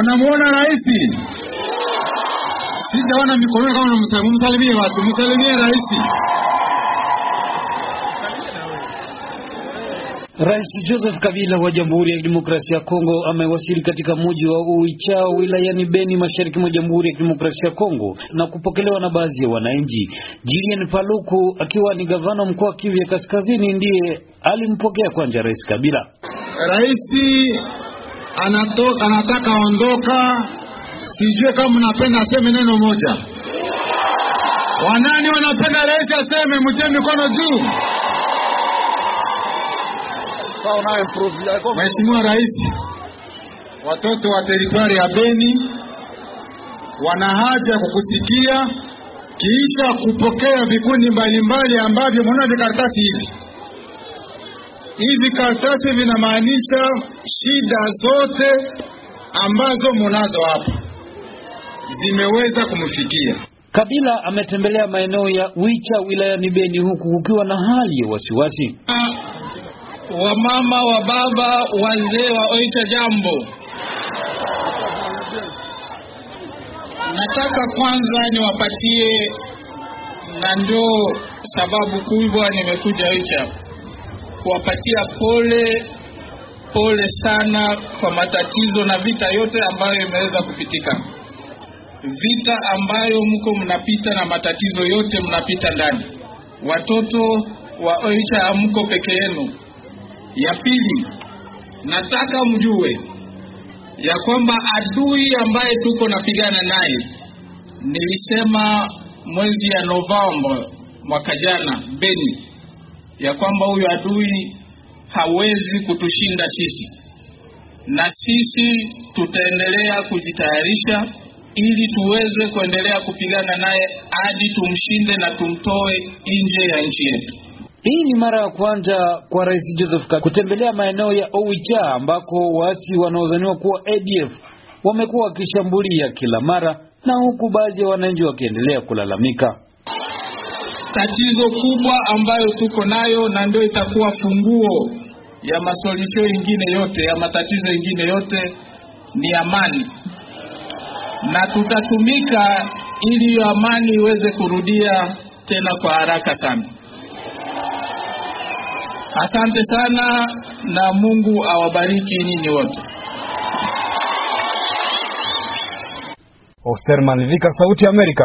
mnamuona rais? Sijaona mikono kama msalimie, basi msalimie rais. Rais Joseph Kabila wa Jamhuri ya Kidemokrasia ya Kongo amewasili katika mji wa Uichao wilayani Beni mashariki mwa Jamhuri ya Kidemokrasia ya Kongo na kupokelewa na baadhi ya wananchi. Julien Paluku akiwa ni gavana mkoa wa Kivu ya Kaskazini ndiye alimpokea kwanza Rais Kabila. Rais anatoka, anataka ondoka, sijue kama mnapenda aseme neno moja. Wanani wanapenda rais aseme? Mtie mikono juu. Mheshimiwa Rais, watoto wa teritwari ya Beni wana haja ya kukusikia, kiisha kupokea vikundi mbalimbali ambavyo mnaona vikaratasi hivi Hivi karatasi vinamaanisha shida zote ambazo munazo hapa zimeweza kumfikia. Kabila ametembelea maeneo ya Wicha wilayani Beni huku kukiwa na hali ya wasiwasi. Wamama, wa baba, wazee wa Oicha, jambo. Nataka kwanza niwapatie, na ndio sababu kubwa nimekuja Oicha kuwapatia pole pole sana kwa matatizo na vita yote ambayo imeweza kupitika, vita ambayo mko mnapita na matatizo yote mnapita ndani. Watoto wa Oicha hamko peke yenu. Ya pili, nataka mjue ya kwamba adui ambaye tuko napigana naye, nilisema mwezi ya Novemba mwaka jana Beni ya kwamba huyu adui hawezi kutushinda sisi na sisi tutaendelea kujitayarisha ili tuweze kuendelea kupigana naye hadi tumshinde na tumtoe nje ya nchi yetu. Hii ni mara ya kwanza kwa Rais Joseph Kabila kutembelea maeneo ya Owicha ambako waasi wanaodhaniwa kuwa ADF wamekuwa wakishambulia kila mara na huku baadhi ya wananchi wakiendelea kulalamika tatizo kubwa ambayo tuko nayo, na ndio itakuwa funguo ya masolisho ingine yote ya matatizo ingine yote ni amani, na tutatumika ili hiyo amani iweze kurudia tena kwa haraka sana. Asante sana na Mungu awabariki nyinyi wote. Oster Malivika, Sauti Amerika.